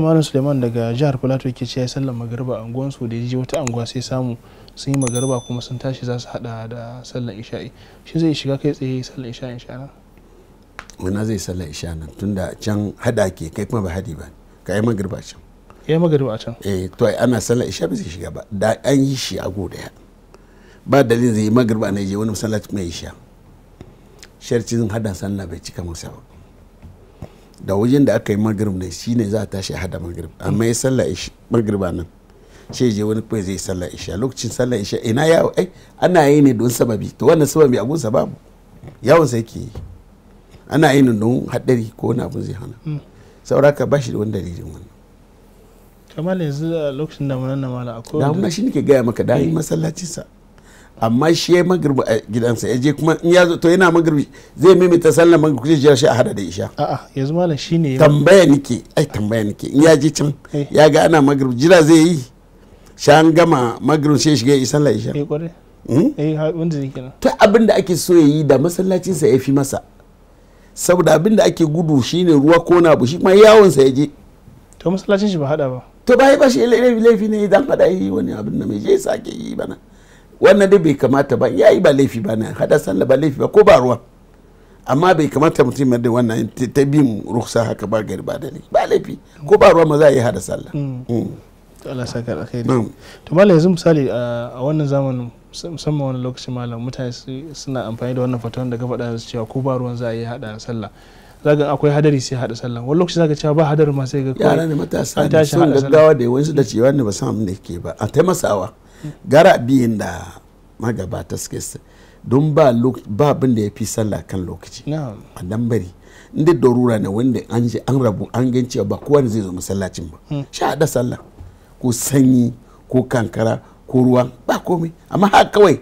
malam suleiman daga jihar plateau ke ce ya sallar magariba a unguwansu da ji wata anguwa sai samu sun yi magariba kuma sun tashi za su hada da sallar isha'i shi zai shiga kai tsaye sallar isha'i shana Wani zai sallar isha nan tunda can hada ke kai kuma ba hadi ba ka yi magariba can ya magariba can eh to ana sallar isha ba zai shiga ba da an yi shi a go daya ba dalilin zai yi magariba na je wani masallaci mai isha sharcin hada sallah bai cika masa ba da wajen da aka yi magrib ne shine za a tashi hada magrib amma ya sallah magriba nan sai je wani kai zai sallah a lokacin sallah ishi ina yawo ai eh, ana yi ne don sababi to wannan sababi a gunsa babu yawon sai ke ana yi ne don hadari ko wani abun zai hana hmm. sauraka ba shi da wani dalilin wannan kamar yanzu lokacin da munan namala akwai damuna shi ne ke gaya maka da yi masallacinsa amma shi ya yi magribi a eh, gidansa ya je kuma in ya zo to yana magribi zai maimaita sallar magribi zai jira shi a hada da isha a'a yanzu malam shine tambaya nike ai tambaya nike in ya je can eh. ya ga ana magribi jira zai yi sha an gama magribi sai shiga yi sallar isha eh, hmm? ta ne abin da ake so ya yi da masallacinsa ya fi masa saboda abin da ake gudu shine ruwa ko na abu shi kuma yawonsa ya je to masallacin shi ba hada ba to ba ba shi laifi ne idan fada yi wani abin da mai je sake yi bana wannan dai bai kamata ba yayi ba laifi ba na hada sallah ba laifi ba ko ba ruwa amma bai kamata mutum da wannan ta bin ruksa haka ba gari ba dalili ba laifi ko ba ruwa ma za a yi hada sallah hmm. Hmm. Allah saka da kai to malam yanzu misali a wannan zamanin musamman wani lokaci malam mutane suna amfani da wannan fatan da ka faɗa cewa ko ba ruwan za a yi hada sallah zaga akwai hadari sai hada sallah wani lokaci zaka cewa ba hadarin ma sai ga kawai yara ne matasa ne sun gaggawa da yawansu da cewa ne ba san abin da ke ba a taimasawa gara biyin da magabata suke don ba abin da ya fi sallah kan lokaci a dan bari inda darura ne wanda an ji an rabu an gan cewa ba kowa ne zai zo masallacin ba hmm. sha hada sallah ko sanyi ko kankara ko ruwa ba komai amma haka kawai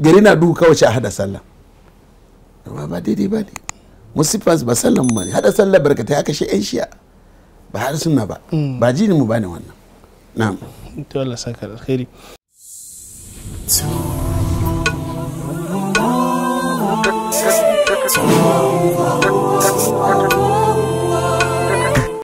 gari na duhu kawai sha hada sallah amma ba daidai ba ne musifas ba sallan mu hada sallar barkata aka shi yan shiya ba har sunna ba mm. ba jini mu bane wannan na'am to Allah saka alkhairi Oh,